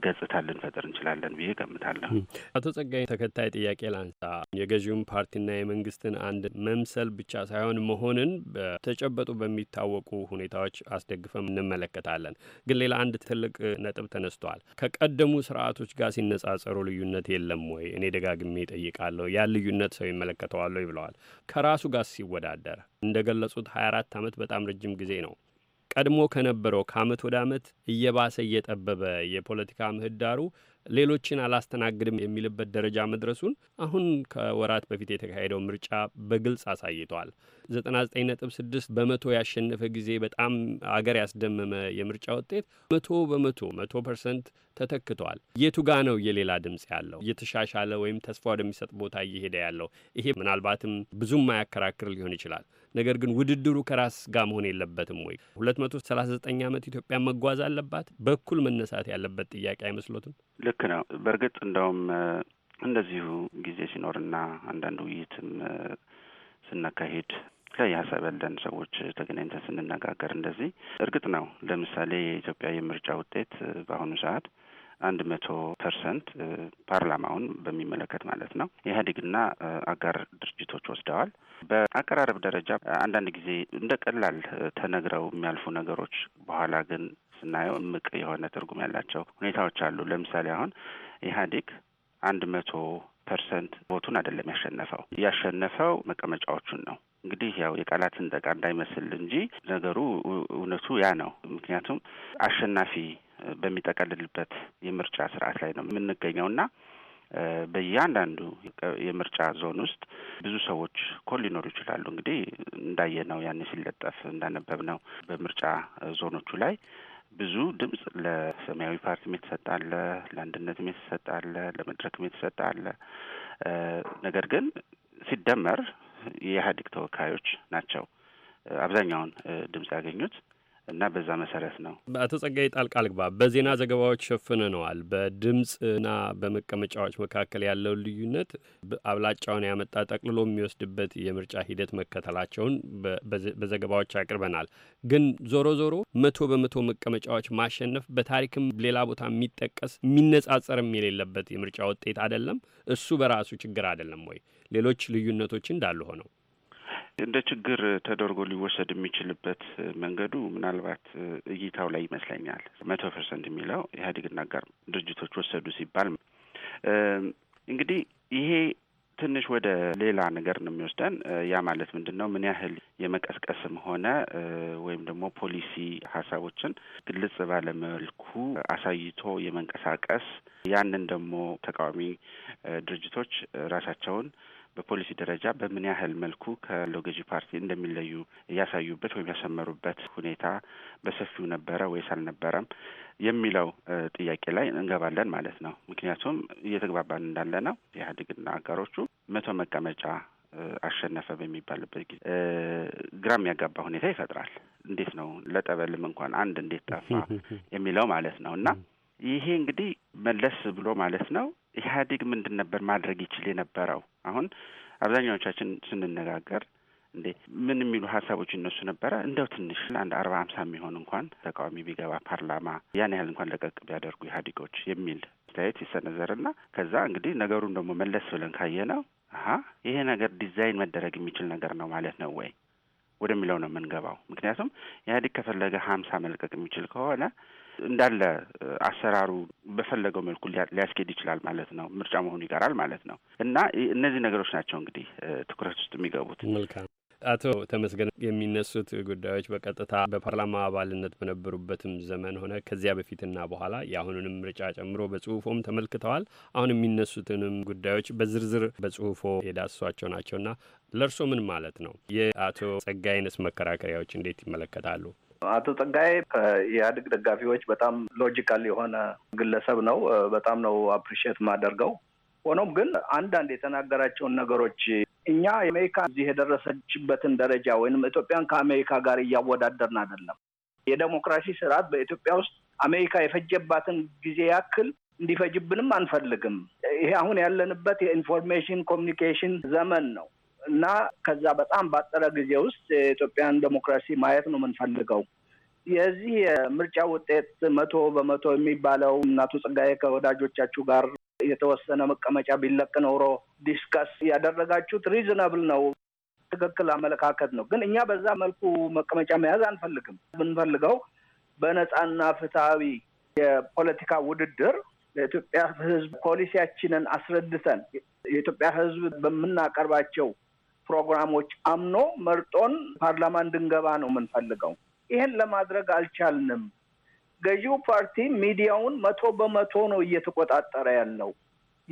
S2: ገጽታ
S5: ልንፈጥር እንችላለን ብዬ ገምታለሁ። አቶ ጸጋይ ተከታይ ጥያቄ ላንሳ። የገዢውን ፓርቲና የመንግስትን አንድ መምሰል ብቻ ሳይሆን መሆንን በተጨበጡ በሚታወቁ ሁኔታዎች አስደግፈም እንመለከታለን። ግን ሌላ አንድ ትልቅ ነጥብ ተነስቷል። ከቀደሙ ስርዓቶች ጋር ሲነጻጸሩ ልዩነት የለም ወይ? እኔ ደጋግሜ ጠይቃለሁ። ያ ልዩነት ሰው ይመለከተዋለሁ ብለዋል። ከራሱ ጋር ሲወዳደር እንደገለጹት 24 ዓመት በጣም ረጅም ጊዜ ነው። ቀድሞ ከነበረው ከአመት ወደ አመት እየባሰ እየጠበበ የፖለቲካ ምህዳሩ ሌሎችን አላስተናግድም የሚልበት ደረጃ መድረሱን አሁን ከወራት በፊት የተካሄደው ምርጫ በግልጽ አሳይቷል። 99.6 በመቶ ያሸነፈ ጊዜ በጣም አገር ያስደመመ የምርጫ ውጤት መቶ በመቶ መቶ ፐርሰንት ተተክቷል። የቱ ጋ ነው የሌላ ድምፅ ያለው እየተሻሻለ ወይም ተስፋ ወደሚሰጥ ቦታ እየሄደ ያለው? ይሄ ምናልባትም ብዙም ማያከራክር ሊሆን ይችላል። ነገር ግን ውድድሩ ከራስ ጋር መሆን የለበትም ወይ? 239 ዓመት ኢትዮጵያ መጓዝ አለባት? በኩል መነሳት ያለበት ጥያቄ አይመስሎትም?
S2: ልክ ነው። በእርግጥ እንደውም እንደዚሁ ጊዜ ሲኖርና አንዳንድ ውይይትም ስናካሄድ የተለያየ ያለን ሰዎች ተገናኝተን ስንነጋገር እንደዚህ እርግጥ ነው። ለምሳሌ የኢትዮጵያ የምርጫ ውጤት በአሁኑ ሰዓት አንድ መቶ ፐርሰንት ፓርላማውን በሚመለከት ማለት ነው ኢህአዴግና አጋር ድርጅቶች ወስደዋል። በአቀራረብ ደረጃ አንዳንድ ጊዜ እንደ ቀላል ተነግረው የሚያልፉ ነገሮች በኋላ ግን ስናየው እምቅ የሆነ ትርጉም ያላቸው ሁኔታዎች አሉ። ለምሳሌ አሁን ኢህአዴግ አንድ መቶ ፐርሰንት ቦቱን አይደለም ያሸነፈው ያሸነፈው መቀመጫዎቹን ነው። እንግዲህ ያው የቃላትን ጠቃ እንዳይመስል እንጂ ነገሩ እውነቱ ያ ነው። ምክንያቱም አሸናፊ በሚጠቀልልበት የምርጫ ስርዓት ላይ ነው የምንገኘው እና በእያንዳንዱ የምርጫ ዞን ውስጥ ብዙ ሰዎች ኮል ሊኖሩ ይችላሉ። እንግዲህ እንዳየነው ያኔ ሲለጠፍ እንዳነበብነው በምርጫ ዞኖቹ ላይ ብዙ ድምጽ ለሰማያዊ ፓርቲም የተሰጠ አለ፣ ለአንድነትም የተሰጠ አለ፣ ለመድረክም የተሰጠ አለ። ነገር ግን ሲደመር የኢህአዴግ ተወካዮች ናቸው አብዛኛውን ድምጽ ያገኙት። እና በዛ መሰረት ነው።
S5: አቶ ጸጋይ ጣልቃ ልግባ። በዜና ዘገባዎች ሸፍነነዋል። በድምፅና በመቀመጫዎች መካከል ያለው ልዩነት አብላጫውን ያመጣ ጠቅልሎ የሚወስድበት የምርጫ ሂደት መከተላቸውን በዘገባዎች አቅርበናል። ግን ዞሮ ዞሮ መቶ በመቶ መቀመጫዎች ማሸነፍ በታሪክም ሌላ ቦታ የሚጠቀስ የሚነጻጸርም የሌለበት የምርጫ ውጤት አይደለም። እሱ በራሱ ችግር አይደለም ወይ? ሌሎች ልዩነቶች እንዳሉ ሆነው
S2: እንደ ችግር ተደርጎ ሊወሰድ የሚችልበት መንገዱ ምናልባት እይታው ላይ ይመስለኛል። መቶ ፐርሰንት የሚለው ኢህአዴግና አጋር ድርጅቶች ወሰዱ ሲባል እንግዲህ ይሄ ትንሽ ወደ ሌላ ነገር ነው የሚወስደን። ያ ማለት ምንድን ነው? ምን ያህል የመቀስቀስም ሆነ ወይም ደግሞ ፖሊሲ ሀሳቦችን ግልጽ ባለመልኩ አሳይቶ የመንቀሳቀስ ያንን ደግሞ ተቃዋሚ ድርጅቶች ራሳቸውን በፖሊሲ ደረጃ በምን ያህል መልኩ ካለው ገዢ ፓርቲ እንደሚለዩ ያሳዩበት ወይም ያሰመሩበት ሁኔታ በሰፊው ነበረ ወይስ አልነበረም የሚለው ጥያቄ ላይ እንገባለን ማለት ነው። ምክንያቱም እየተግባባን እንዳለ ነው ኢህአዴግና አጋሮቹ መቶ መቀመጫ አሸነፈ በሚባልበት ጊዜ ግራም የሚያጋባ ሁኔታ ይፈጥራል። እንዴት ነው ለጠበልም እንኳን አንድ እንዴት ጠፋ [laughs] የሚለው ማለት ነው እና ይሄ እንግዲህ መለስ ብሎ ማለት ነው ኢህአዴግ ምንድን ነበር ማድረግ ይችል የነበረው አሁን አብዛኛዎቻችን ስንነጋገር እንዴ ምን የሚሉ ሀሳቦች እነሱ ነበረ። እንደው ትንሽ አንድ አርባ አምሳ የሚሆን እንኳን ተቃዋሚ ቢገባ ፓርላማ ያን ያህል እንኳን ለቀቅ ቢያደርጉ ኢህአዴጎች የሚል አስተያየት ይሰነዘርና ከዛ እንግዲህ ነገሩን ደግሞ መለስ ብለን ካየ ነው አሀ ይሄ ነገር ዲዛይን መደረግ የሚችል ነገር ነው ማለት ነው ወይ ወደሚለው ነው የምንገባው። ምክንያቱም ኢህአዴግ ከፈለገ ሀምሳ መልቀቅ የሚችል ከሆነ እንዳለ አሰራሩ በፈለገው መልኩ ሊያስኬድ ይችላል ማለት ነው። ምርጫ መሆኑ ይቀራል ማለት ነው እና እነዚህ ነገሮች ናቸው እንግዲህ ትኩረት ውስጥ የሚገቡት። መልካም
S5: አቶ ተመስገን የሚነሱት ጉዳዮች በቀጥታ በፓርላማ አባልነት በነበሩበትም ዘመን ሆነ ከዚያ በፊትና በኋላ የአሁኑንም ምርጫ ጨምሮ በጽሁፎም ተመልክተዋል። አሁን የሚነሱትንም ጉዳዮች በዝርዝር በጽሁፎ የዳሷቸው ናቸውና ለእርሶ ምን ማለት ነው? የአቶ ጸጋይነስ መከራከሪያዎች እንዴት ይመለከታሉ?
S3: አቶ ጸጋዬ ከኢህአዴግ ደጋፊዎች በጣም ሎጂካል የሆነ ግለሰብ ነው። በጣም ነው አፕሪሽት ማደርገው ሆኖም ግን አንዳንድ የተናገራቸውን ነገሮች እኛ አሜሪካ እዚህ የደረሰችበትን ደረጃ ወይም ኢትዮጵያን ከአሜሪካ ጋር እያወዳደርን አይደለም። የዴሞክራሲ ስርዓት በኢትዮጵያ ውስጥ አሜሪካ የፈጀባትን ጊዜ ያክል እንዲፈጅብንም አንፈልግም። ይሄ አሁን ያለንበት የኢንፎርሜሽን ኮሚኒኬሽን ዘመን ነው። እና ከዛ በጣም ባጠረ ጊዜ ውስጥ የኢትዮጵያን ዴሞክራሲ ማየት ነው የምንፈልገው። የዚህ የምርጫ ውጤት መቶ በመቶ የሚባለው እናቱ ጽጋዬ ከወዳጆቻችሁ ጋር የተወሰነ መቀመጫ ቢለቅ ኖሮ ዲስከስ ያደረጋችሁት ሪዝናብል ነው፣ ትክክል አመለካከት ነው። ግን እኛ በዛ መልኩ መቀመጫ መያዝ አንፈልግም። የምንፈልገው በነፃና ፍትሐዊ የፖለቲካ ውድድር ለኢትዮጵያ ሕዝብ ፖሊሲያችንን አስረድተን የኢትዮጵያ ሕዝብ በምናቀርባቸው ፕሮግራሞች አምኖ መርጦን ፓርላማ እንድንገባ ነው የምንፈልገው። ይህን ለማድረግ አልቻልንም። ገዢው ፓርቲ ሚዲያውን መቶ በመቶ ነው እየተቆጣጠረ ያለው።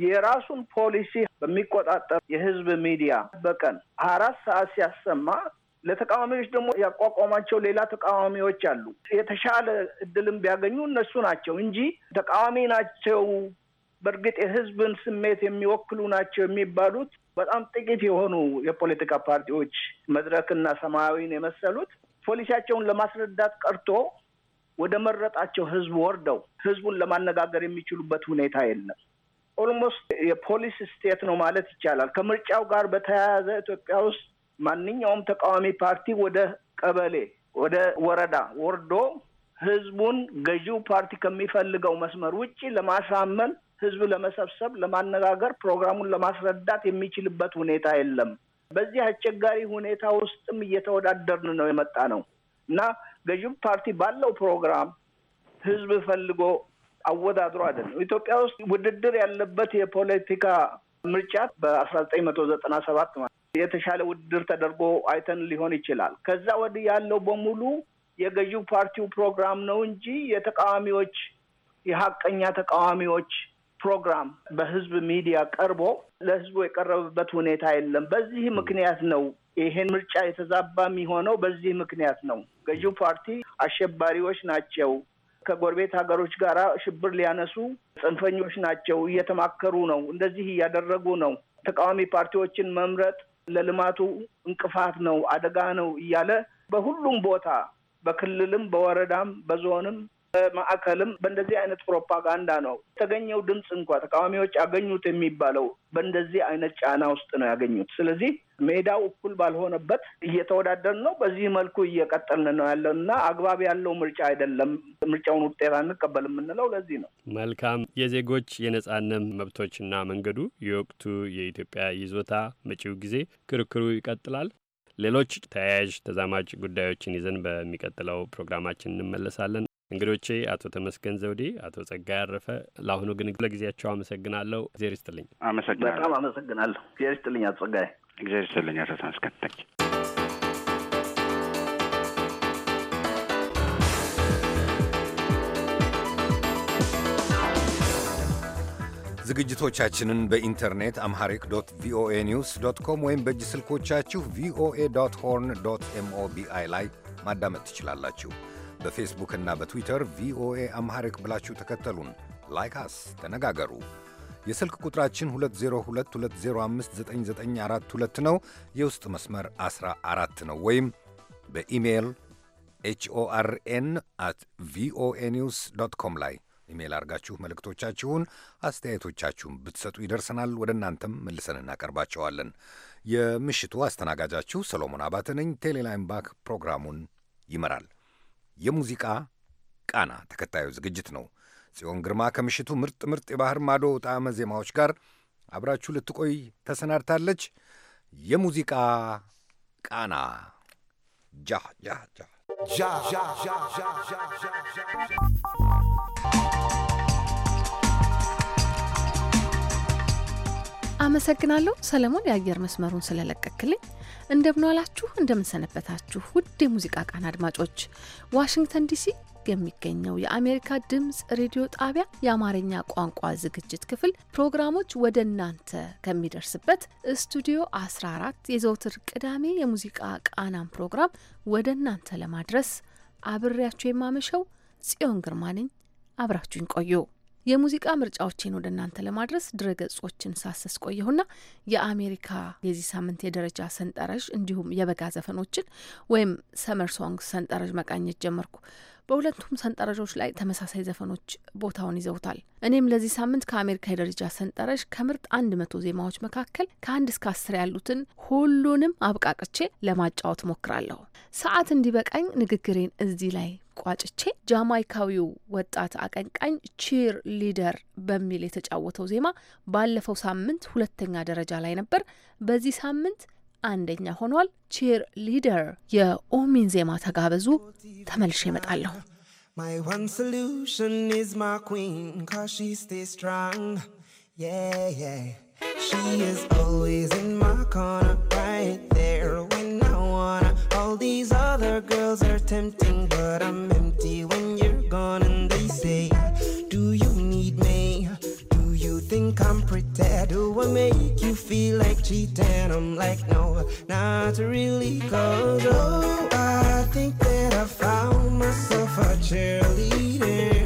S3: የራሱን ፖሊሲ በሚቆጣጠር የህዝብ ሚዲያ በቀን አራት ሰዓት ሲያሰማ ለተቃዋሚዎች ደግሞ ያቋቋማቸው ሌላ ተቃዋሚዎች አሉ። የተሻለ እድልም ቢያገኙ እነሱ ናቸው እንጂ ተቃዋሚ ናቸው በእርግጥ የህዝብን ስሜት የሚወክሉ ናቸው የሚባሉት በጣም ጥቂት የሆኑ የፖለቲካ ፓርቲዎች መድረክና ሰማያዊን የመሰሉት ፖሊሲያቸውን ለማስረዳት ቀርቶ ወደ መረጣቸው ህዝብ ወርደው ህዝቡን ለማነጋገር የሚችሉበት ሁኔታ የለም። ኦልሞስት የፖሊስ ስቴት ነው ማለት ይቻላል። ከምርጫው ጋር በተያያዘ ኢትዮጵያ ውስጥ ማንኛውም ተቃዋሚ ፓርቲ ወደ ቀበሌ፣ ወደ ወረዳ ወርዶ ህዝቡን ገዢው ፓርቲ ከሚፈልገው መስመር ውጭ ለማሳመን ህዝብ ለመሰብሰብ ለማነጋገር፣ ፕሮግራሙን ለማስረዳት የሚችልበት ሁኔታ የለም። በዚህ አስቸጋሪ ሁኔታ ውስጥም እየተወዳደርን ነው የመጣ ነው እና ገዥብ ፓርቲ ባለው ፕሮግራም ህዝብ ፈልጎ አወዳድሮ አይደለም። ኢትዮጵያ ውስጥ ውድድር ያለበት የፖለቲካ ምርጫ በአስራ ዘጠኝ መቶ ዘጠና ሰባት ማለት የተሻለ ውድድር ተደርጎ አይተን ሊሆን ይችላል። ከዛ ወዲህ ያለው በሙሉ የገዢው ፓርቲው ፕሮግራም ነው እንጂ የተቃዋሚዎች የሀቀኛ ተቃዋሚዎች ፕሮግራም በህዝብ ሚዲያ ቀርቦ ለህዝቡ የቀረበበት ሁኔታ የለም። በዚህ ምክንያት ነው ይሄን ምርጫ የተዛባ የሚሆነው በዚህ ምክንያት ነው። ገዢው ፓርቲ አሸባሪዎች ናቸው፣ ከጎረቤት ሀገሮች ጋር ሽብር ሊያነሱ ጽንፈኞች ናቸው፣ እየተማከሩ ነው፣ እንደዚህ እያደረጉ ነው፣ ተቃዋሚ ፓርቲዎችን መምረጥ ለልማቱ እንቅፋት ነው፣ አደጋ ነው እያለ በሁሉም ቦታ በክልልም፣ በወረዳም፣ በዞንም ማዕከልም በእንደዚህ አይነት ፕሮፓጋንዳ ነው የተገኘው። ድምፅ እንኳ ተቃዋሚዎች አገኙት የሚባለው በእንደዚህ አይነት ጫና ውስጥ ነው ያገኙት። ስለዚህ ሜዳው እኩል ባልሆነበት እየተወዳደርን ነው። በዚህ መልኩ እየቀጠልን ነው ያለን እና አግባብ ያለው ምርጫ አይደለም። ምርጫውን ውጤት አንቀበል የምንለው ለዚህ ነው።
S5: መልካም የዜጎች የነጻነት መብቶችና መንገዱ የወቅቱ የኢትዮጵያ ይዞታ መጪው ጊዜ ክርክሩ ይቀጥላል። ሌሎች ተያያዥ ተዛማጅ ጉዳዮችን ይዘን በሚቀጥለው ፕሮግራማችን እንመለሳለን። እንግዶቼ አቶ ተመስገን ዘውዴ፣ አቶ ጸጋ ያረፈ፣ ለአሁኑ ግን ለጊዜያቸው አመሰግናለሁ። እግዜር ይስጥልኝ።
S2: አመሰግናለሁ። በጣም አመሰግናለሁ። እግዜር ይስጥልኝ አቶ ጸጋዬ። እግዜር ይስጥልኝ አቶ ተመስገን። ታኪ
S1: ዝግጅቶቻችንን በኢንተርኔት አምሃሪክ ዶት ቪኦኤ ኒውስ ዶት ኮም ወይም በእጅ ስልኮቻችሁ ቪኦኤ ዶት ሆርን ዶት ኤምኦቢአይ ላይ ማዳመጥ ትችላላችሁ። በፌስቡክ እና በትዊተር ቪኦኤ አምሃሪክ ብላችሁ ተከተሉን። ላይካስ ተነጋገሩ። የስልክ ቁጥራችን 2022059942 ነው። የውስጥ መስመር 14 ነው። ወይም በኢሜይል ኤችኦአርኤን አት ቪኦኤ ኒውስ ዶት ኮም ላይ ኢሜይል አድርጋችሁ መልእክቶቻችሁን፣ አስተያየቶቻችሁን ብትሰጡ ይደርሰናል። ወደ እናንተም መልሰን እናቀርባቸዋለን። የምሽቱ አስተናጋጃችሁ ሰሎሞን አባተ ነኝ። ቴሌላይም ባክ ፕሮግራሙን ይመራል። የሙዚቃ ቃና ተከታዩ ዝግጅት ነው። ጽዮን ግርማ ከምሽቱ ምርጥ ምርጥ የባህር ማዶ ጣዕመ ዜማዎች ጋር አብራችሁ ልትቆይ ተሰናድታለች። የሙዚቃ
S6: ቃና
S7: አመሰግናለሁ ሰለሞን፣ የአየር መስመሩን ስለለቀክልኝ። እንደምንዋላችሁ እንደምንሰነበታችሁ ውድ የሙዚቃ ቃና አድማጮች ዋሽንግተን ዲሲ የሚገኘው የአሜሪካ ድምፅ ሬዲዮ ጣቢያ የአማርኛ ቋንቋ ዝግጅት ክፍል ፕሮግራሞች ወደ እናንተ ከሚደርስበት ስቱዲዮ 14 የዘውትር ቅዳሜ የሙዚቃ ቃናን ፕሮግራም ወደ እናንተ ለማድረስ አብሬያችሁ የማመሸው ጽዮን ግርማ ነኝ። አብራችሁኝ ቆዩ። የሙዚቃ ምርጫዎቼን ወደ እናንተ ለማድረስ ድረገጾችን ሳሰስ ቆየሁና የአሜሪካ የዚህ ሳምንት የደረጃ ሰንጠረዥ እንዲሁም የበጋ ዘፈኖችን ወይም ሰመር ሶንግ ሰንጠረዥ መቃኘት ጀመርኩ። በሁለቱም ሰንጠረዦች ላይ ተመሳሳይ ዘፈኖች ቦታውን ይዘውታል። እኔም ለዚህ ሳምንት ከአሜሪካ የደረጃ ሰንጠረዥ ከምርጥ አንድ መቶ ዜማዎች መካከል ከአንድ እስከ አስር ያሉትን ሁሉንም አብቃቅቼ ለማጫወት ሞክራለሁ። ሰዓት እንዲበቃኝ ንግግሬን እዚህ ላይ ቋጭቼ ጃማይካዊው ወጣት አቀንቃኝ ቺር ሊደር በሚል የተጫወተው ዜማ ባለፈው ሳምንት ሁለተኛ ደረጃ ላይ ነበር። በዚህ ሳምንት አንደኛ ሆኗል። ቺር ሊደር የኦሚን ዜማ ተጋበዙ። ተመልሼ እመጣለሁ።
S6: My one solution is my queen, cause she stays strong. Yeah, yeah. She is always in my corner, right there when I wanna. All these other girls are tempting, but I'm empty when you're gone, and they say, come pretend Do I make you feel like cheating? I'm like, no, not really Cause oh, I think that I found myself a cheerleader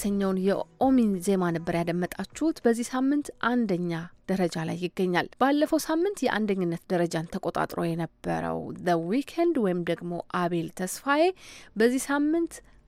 S7: የተሰኘውን የኦሚን ዜማ ነበር ያደመጣችሁት። በዚህ ሳምንት አንደኛ ደረጃ ላይ ይገኛል። ባለፈው ሳምንት የአንደኝነት ደረጃን ተቆጣጥሮ የነበረው ዘ ዊኬንድ ወይም ደግሞ አቤል ተስፋዬ በዚህ ሳምንት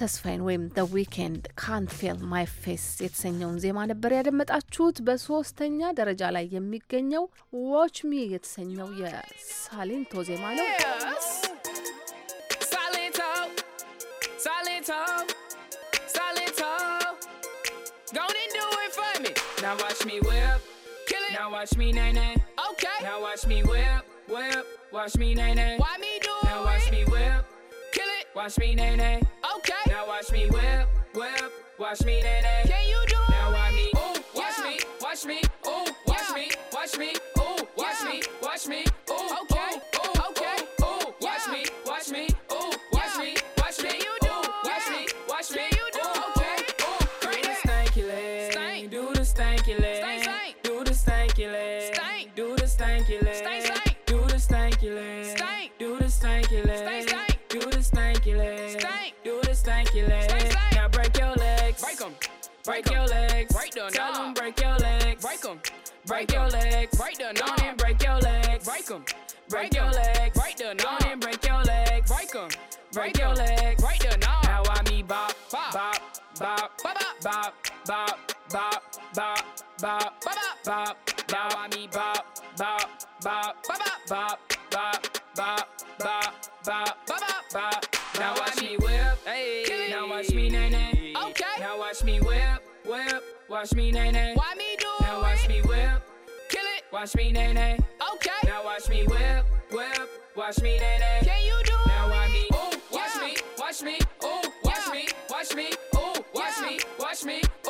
S7: ተስፋዬን ወይም ደ ዊኬንድ ካንት ፌል ማይ ፌስ የተሰኘውን ዜማ ነበር ያደመጣችሁት። በሶስተኛ ደረጃ ላይ የሚገኘው ዋች ሚ የተሰኘው የሳሌንቶ ዜማ ነው።
S8: Now watch me whip, kill it. Now watch me nay nay. Okay. Now watch me whip, whip. Watch me nay nay. Why me do it? Now watch me whip. kill it. Watch me, nay, nay. Okay. Now watch me whip, whip. Watch me, nay, nay. Can you do now it? Now watch me. Ooh, watch yeah. me, watch me. Ooh, watch yeah. me, watch me. Ooh, watch yeah. me, watch me.
S5: break your legs. Break them. Tell them
S8: break your legs. Break them. Break your legs. Break them. On and break your legs. Break them. Break your legs. Break them. On and break your legs. Break them. Break your legs. Break them. Now I me bop, bop, bop, bop, bop, bop, bop, bop, bop, bop, bop, bop. Now I me bop, bop, bop, bop, bop, bop, bop, bop, bop, bop, bop. Now watch me whip. Now watch me nay nay. Watch me whip, whip, watch me nay nay. Why me do Now watch me whip, kill it. Watch me nay nay. Okay. Now watch me whip, whip, watch me nay nay. Can you do now it? Now I me? Ooh, watch yeah. me, watch me. Ooh, watch yeah. me, watch me. Ooh, watch yeah. me, watch me. Ooh.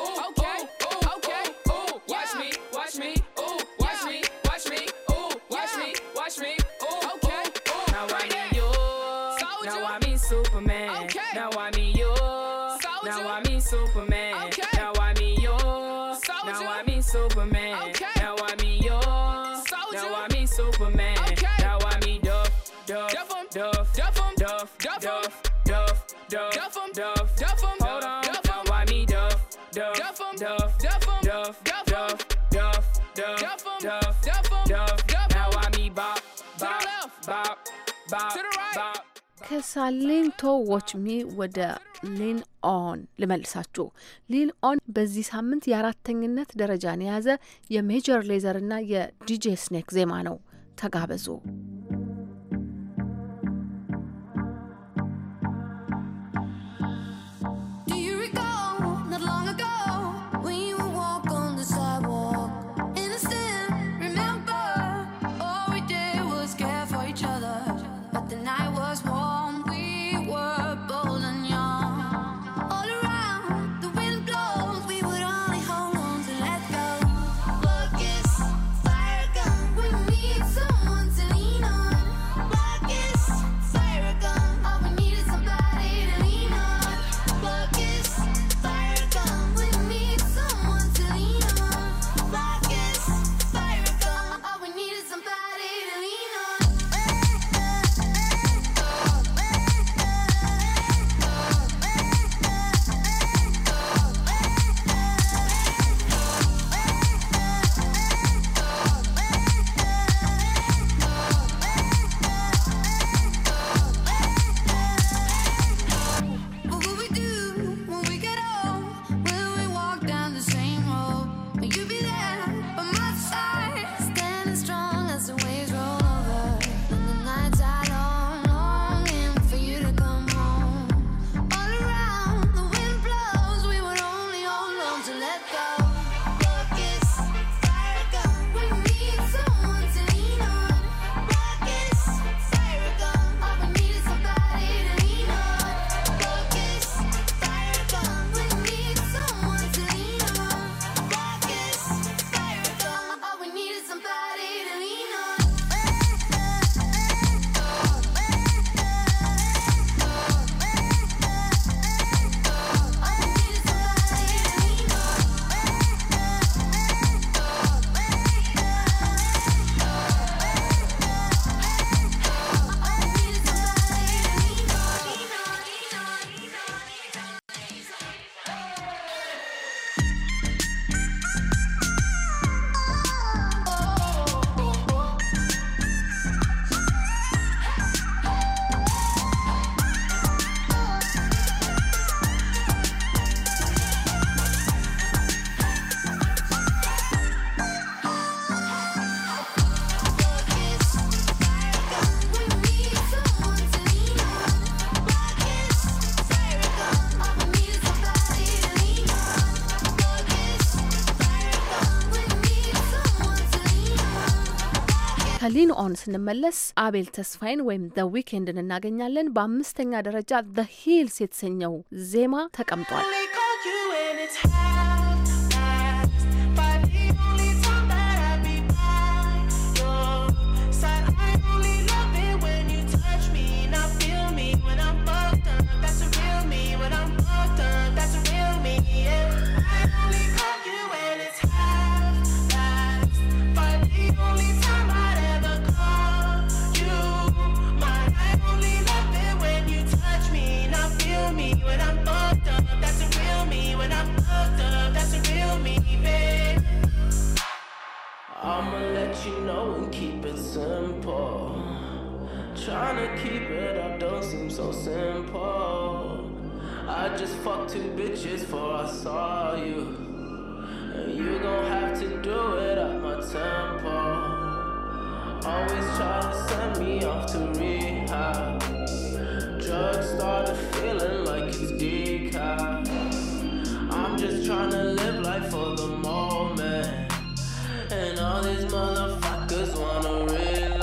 S7: ቶ ዎች ሚ ወደ ሊን ኦን ልመልሳችሁ። ሊን ኦን በዚህ ሳምንት የአራተኝነት ደረጃን የያዘ የሜጀር ሌዘር እና የዲጄ ስኔክ ዜማ ነው። ተጋበዙ። ከሊን ኦን ስንመለስ አቤል ተስፋይን ወይም ዘ ዊኬንድን እናገኛለን። በአምስተኛ ደረጃ ዘ ሂልስ የተሰኘው ዜማ ተቀምጧል።
S9: keep it simple. Trying to keep it up don't seem so simple. I just fucked two bitches before I saw you. And you gon' have to do it at my tempo. Always try to send me off to rehab. Drugs started feeling like it's decaf. I'm just trying to live life for the moment. And all these motherfuckers wanna real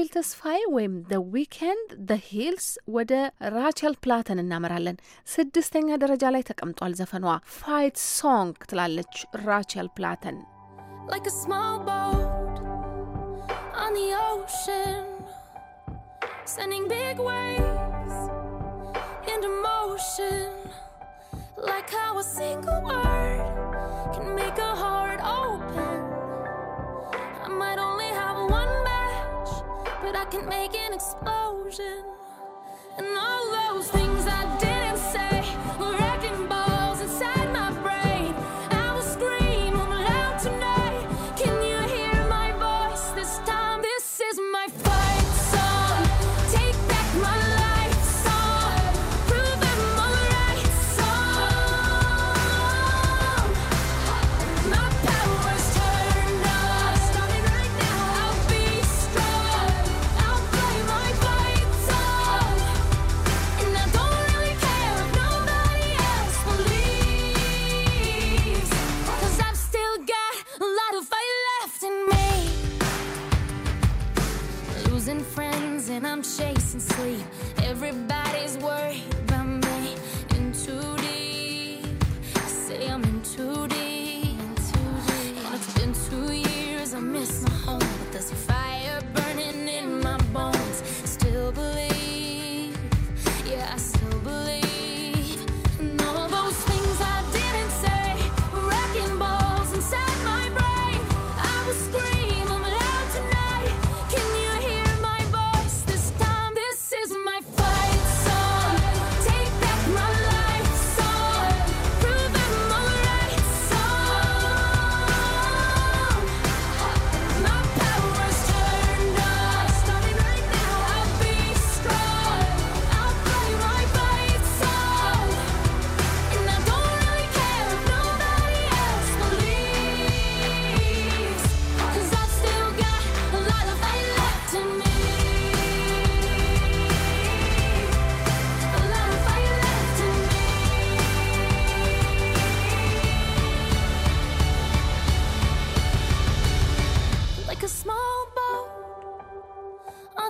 S7: አቤል ተስፋዬ ወይም ደ ዊኬንድ ደ ሂልስ ወደ ራቸል ፕላተን እናመራለን። ስድስተኛ ደረጃ ላይ ተቀምጧል ዘፈኗ ፋይት ሶንግ ትላለች ራቸል ፕላተን።
S10: Like a small boat on the ocean, sending big waves into motion. Like how a single word can make a heart open but I can make an explosion. And all those things I did.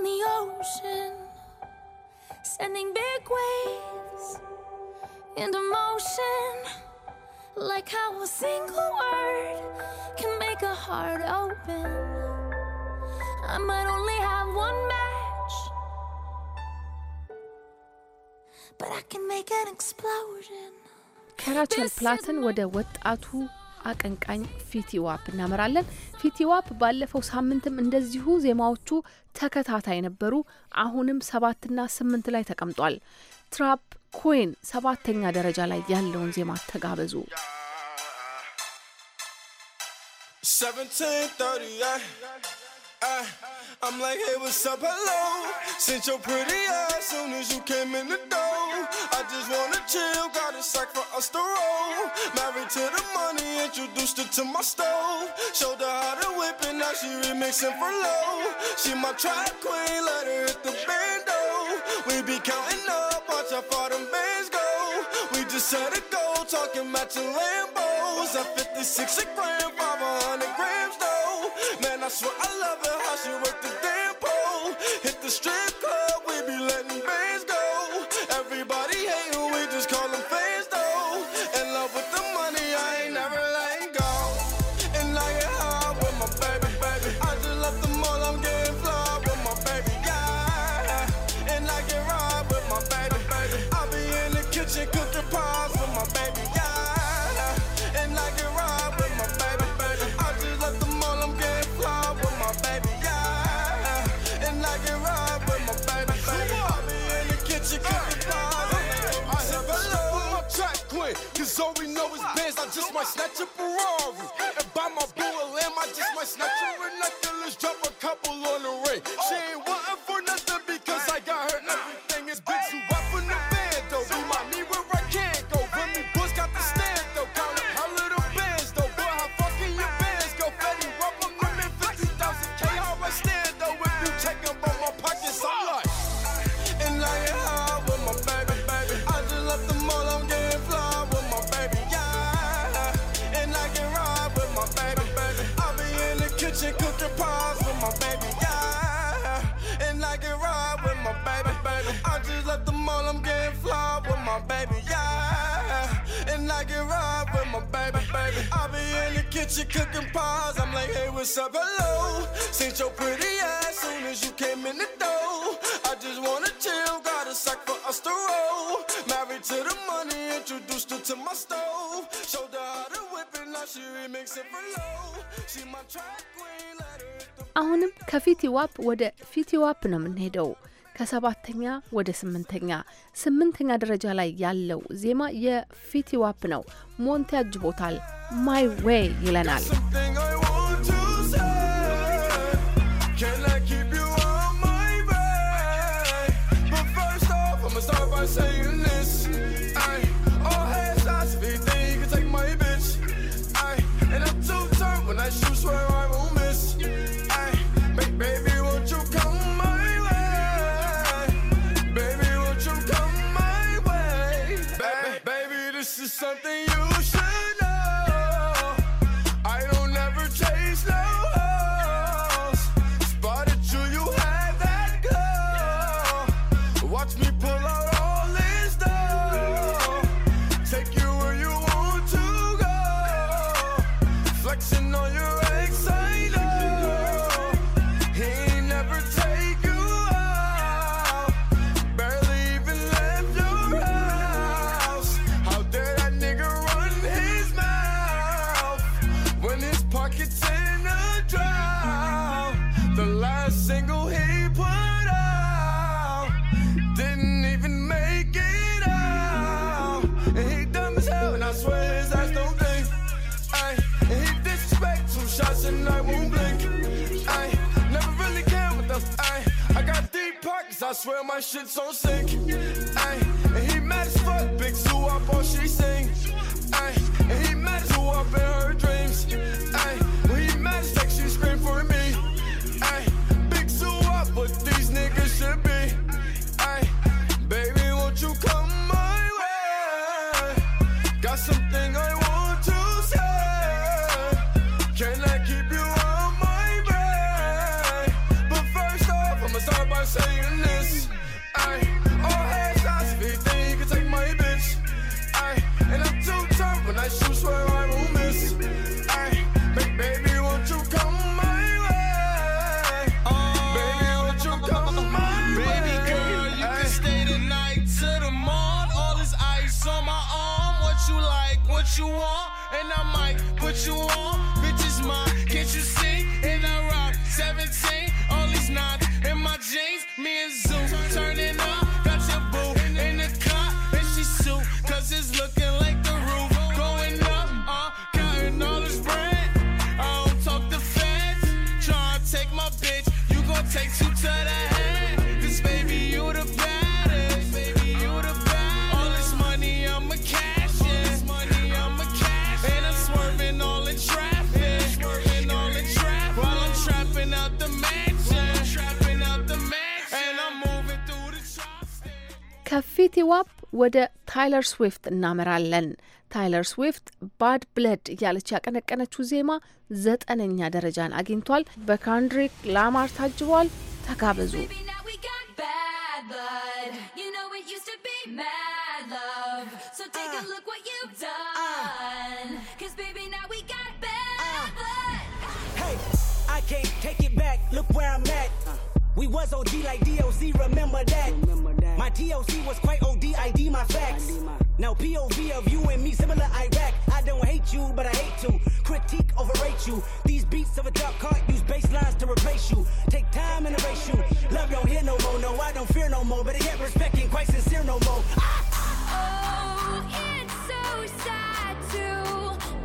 S10: on the ocean, sending big waves into motion. Like how a single word can make a heart open. I might only have one match,
S7: but I can make an
S10: explosion. ከራቸል ፕላትን ወደ
S7: ወጣቱ አቀንቃኝ ፊቲዋፕ እናመራለን። ፊቲዋፕ ባለፈው ሳምንትም እንደዚሁ ዜማዎቹ ተከታታይ ነበሩ። አሁንም ሰባትና ስምንት ላይ ተቀምጧል። ትራፕ ኮይን ሰባተኛ ደረጃ ላይ ያለውን ዜማ ተጋበዙ።
S11: Uh, I, am like, hey, what's up, hello? Since your pretty as soon as you came in the door. I just wanna chill, got a sack for us to roll. Married to the money, introduced her to my stove. Showed her how to whip it, now she remixing for low. She my trap queen, let her hit the bando. We be counting up, watch how far them bands go. We just set a goal, talking matching Lambos. a 56 a gram, 500 grams though swear I love her how she worked the damn pole. Hit the strip club. away. Cause all we know is bands, I just might snatch a Ferrari. And buy my boo a lamb, I just might snatch her a necklace. Drop a couple on the ring. She ain't wantin' for nothing because I got her everything. picture cooking pies. I'm like, hey, what's up? Hello. Since your pretty ass soon as you came in the door. I just wanna chill, got a sack for us to roll. Married to the money, introduced her to my stove. Showed her how to whip it, now she remix it for low. She my track queen,
S7: let her. አሁንም ከፊቲ ዋፕ ወደ ፊቲ ዋፕ ነው የምንሄደው። ከሰባተኛ ወደ ስምንተኛ ስምንተኛ ደረጃ ላይ ያለው ዜማ የፊቲዋፕ ነው። ሞንቲ አጅቦታል። ማይ ዌይ ይለናል።
S11: Say something
S7: ከፊቲ ዋፕ ወደ ታይለር ስዊፍት እናመራለን። ታይለር ስዊፍት ባድ ብለድ እያለች ያቀነቀነችው ዜማ ዘጠነኛ ደረጃን አግኝቷል። በካንድሪክ ላማር ታጅቧል። ተጋበዙ።
S9: look where I'm at We was OG like DOC, remember that. remember that. My TOC was quite OD, ID my facts. ID my... Now POV of you and me, similar Iraq. I don't hate you, but I hate to critique, overrate you. These beats of a dark cart use bass lines to replace you. Take time and erase you. Love don't hear no more, no, I don't fear no more, but I get respect and quite sincere no more. Ah, ah,
S12: ah! Oh, it's so sad to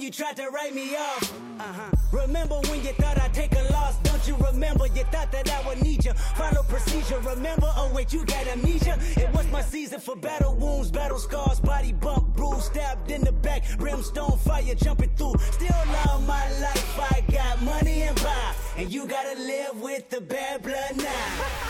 S9: when you tried to write me off. Uh-huh. Remember when you thought I'd take a loss? Don't you remember? You thought that I would need you. Follow procedure. Remember? Oh wait, you got amnesia. It was my season for battle wounds, battle scars, body bump, bruise, stabbed in the back, brimstone fire jumping through. Still love my life. I got money and power, and you gotta live with the bad blood now. [laughs]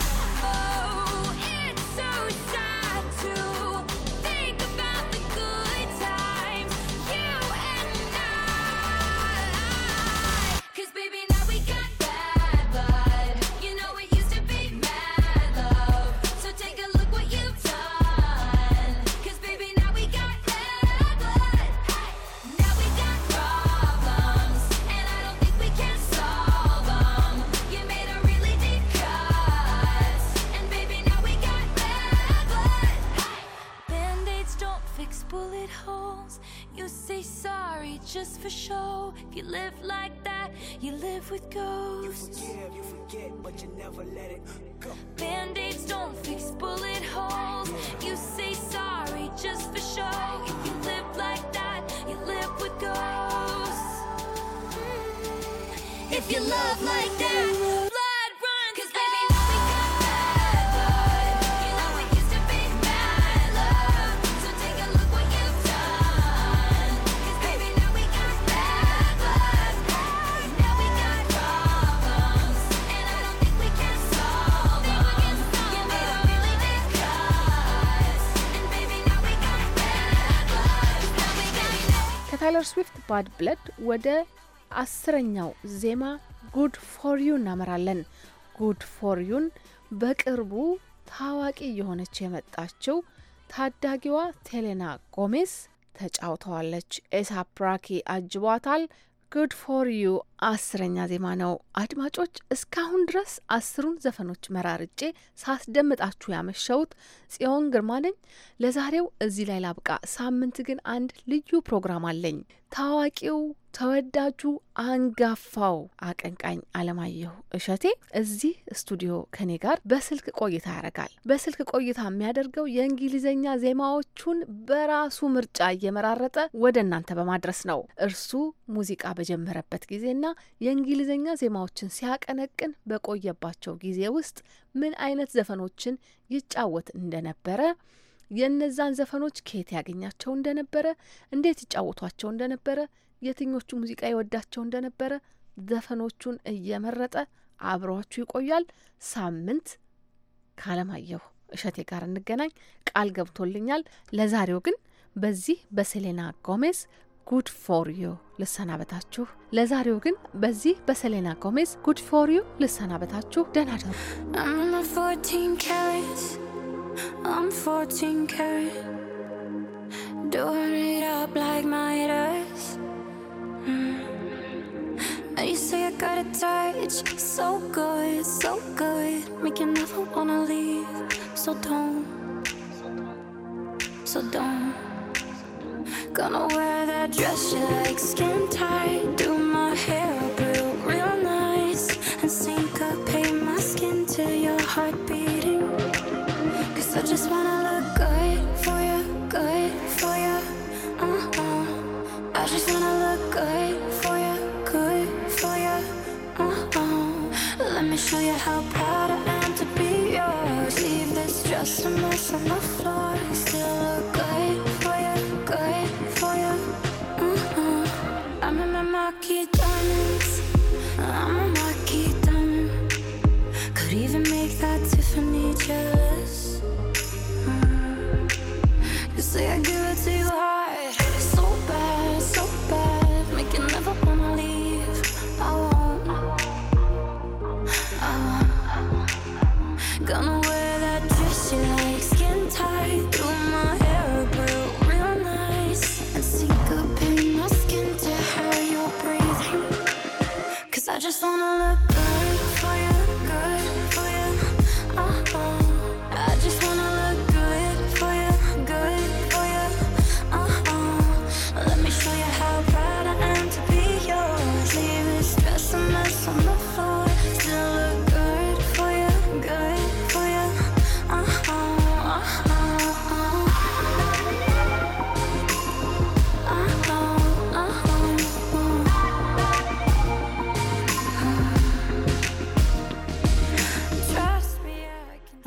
S12: for show. If you live like that, you live with ghosts. You forgive, you forget, but you never let it go.
S5: Band aids don't fix bullet holes.
S12: You say sorry just for show. If you live like that, you live with ghosts. If you love like that,
S7: ከታይለር ስዊፍት ባድ ብለድ ወደ አስረኛው ዜማ ጉድ ፎር ዩ እናመራለን። ጉድ ፎር ዩን በቅርቡ ታዋቂ የሆነች የመጣችው ታዳጊዋ ቴሌና ጎሜስ ተጫውተዋለች። ኤሳፕ ራኪ አጅቧታል። ጉድ ፎር ዩ አስረኛ ዜማ ነው። አድማጮች እስካሁን ድረስ አስሩን ዘፈኖች መራርጬ ሳስደምጣችሁ ያመሸውት ጽዮን ግርማ ነኝ። ለዛሬው እዚህ ላይ ላብቃ። ሳምንት ግን አንድ ልዩ ፕሮግራም አለኝ። ታዋቂው ተወዳጁ አንጋፋው አቀንቃኝ አለማየሁ እሸቴ እዚህ ስቱዲዮ ከኔ ጋር በስልክ ቆይታ ያደርጋል። በስልክ ቆይታ የሚያደርገው የእንግሊዝኛ ዜማዎቹን በራሱ ምርጫ እየመራረጠ ወደ እናንተ በማድረስ ነው። እርሱ ሙዚቃ በጀመረበት ጊዜና የእንግሊዝኛ ዜማዎችን ሲያቀነቅን በቆየባቸው ጊዜ ውስጥ ምን አይነት ዘፈኖችን ይጫወት እንደነበረ የእነዛን ዘፈኖች ከየት ያገኛቸው እንደነበረ፣ እንዴት ይጫወቷቸው እንደነበረ፣ የትኞቹ ሙዚቃ ይወዳቸው እንደነበረ ዘፈኖቹን እየመረጠ አብሯችሁ ይቆያል። ሳምንት ካለማየሁ እሸቴ ጋር እንገናኝ ቃል ገብቶልኛል። ለዛሬው ግን በዚህ በሴሌና ጎሜዝ ጉድ ፎር ዩ ልሰናበታችሁ። ለዛሬው ግን በዚህ በሰሌና ጎሜዝ ጉድ ፎር ዩ ልሰናበታችሁ። ደህና ደሩ።
S13: You say I got a touch, so good, so good. Make you never wanna leave, so don't, so don't. Gonna wear that dress you like, skin tight. Do my hair up real, real nice. And up, paint my skin to your heart beating. Cause I just wanna look good for you, good for you. Uh huh. I just wanna look good for you, good for you. Uh huh. Let me show you how proud I am to be yours. Leave this dress a mess on the floor. Still look say I give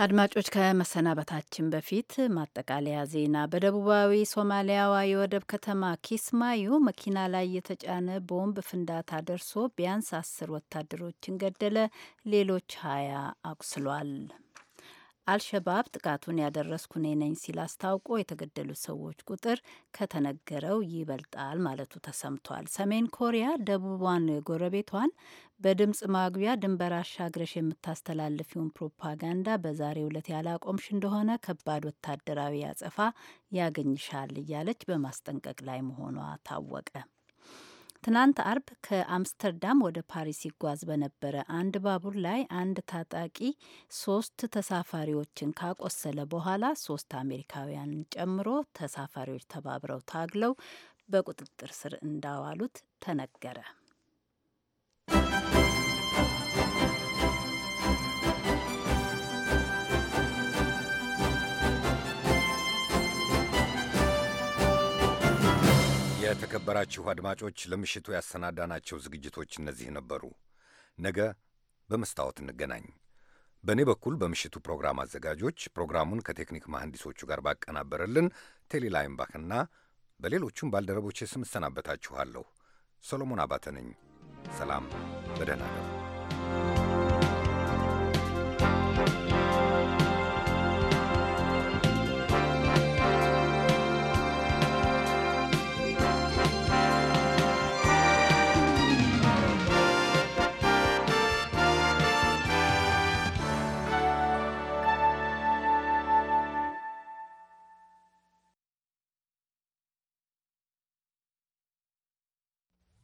S4: አድማጮች ከመሰናበታችን በፊት ማጠቃለያ ዜና። በደቡባዊ ሶማሊያዋ የወደብ ከተማ ኪስማዩ መኪና ላይ የተጫነ ቦምብ ፍንዳታ ደርሶ ቢያንስ አስር ወታደሮችን ገደለ፣ ሌሎች ሀያ አቁስሏል። አልሸባብ ጥቃቱን ያደረስኩ እኔ ነኝ ሲል አስታውቆ የተገደሉት ሰዎች ቁጥር ከተነገረው ይበልጣል ማለቱ ተሰምቷል። ሰሜን ኮሪያ ደቡቧን ጎረቤቷን በድምፅ ማጉያ ድንበር አሻግረሽ የምታስተላልፊውን ፕሮፓጋንዳ በዛሬው ዕለት ያላቆምሽ እንደሆነ ከባድ ወታደራዊ አጸፋ ያገኝሻል እያለች በማስጠንቀቅ ላይ መሆኗ ታወቀ። ትናንት አርብ ከአምስተርዳም ወደ ፓሪስ ይጓዝ በነበረ አንድ ባቡር ላይ አንድ ታጣቂ ሶስት ተሳፋሪዎችን ካቆሰለ በኋላ ሶስት አሜሪካውያንን ጨምሮ ተሳፋሪዎች ተባብረው ታግለው በቁጥጥር ስር እንዳዋሉት ተነገረ።
S1: የተከበራችሁ አድማጮች ለምሽቱ ያሰናዳናቸው ዝግጅቶች እነዚህ ነበሩ። ነገ በመስታወት እንገናኝ። በእኔ በኩል በምሽቱ ፕሮግራም አዘጋጆች ፕሮግራሙን ከቴክኒክ መሐንዲሶቹ ጋር ባቀናበረልን ቴሌላይምባክና በሌሎቹም ባልደረቦች ስም እሰናበታችኋለሁ። ሰሎሞን አባተ ነኝ። ሰላም፣ በደህና ነው።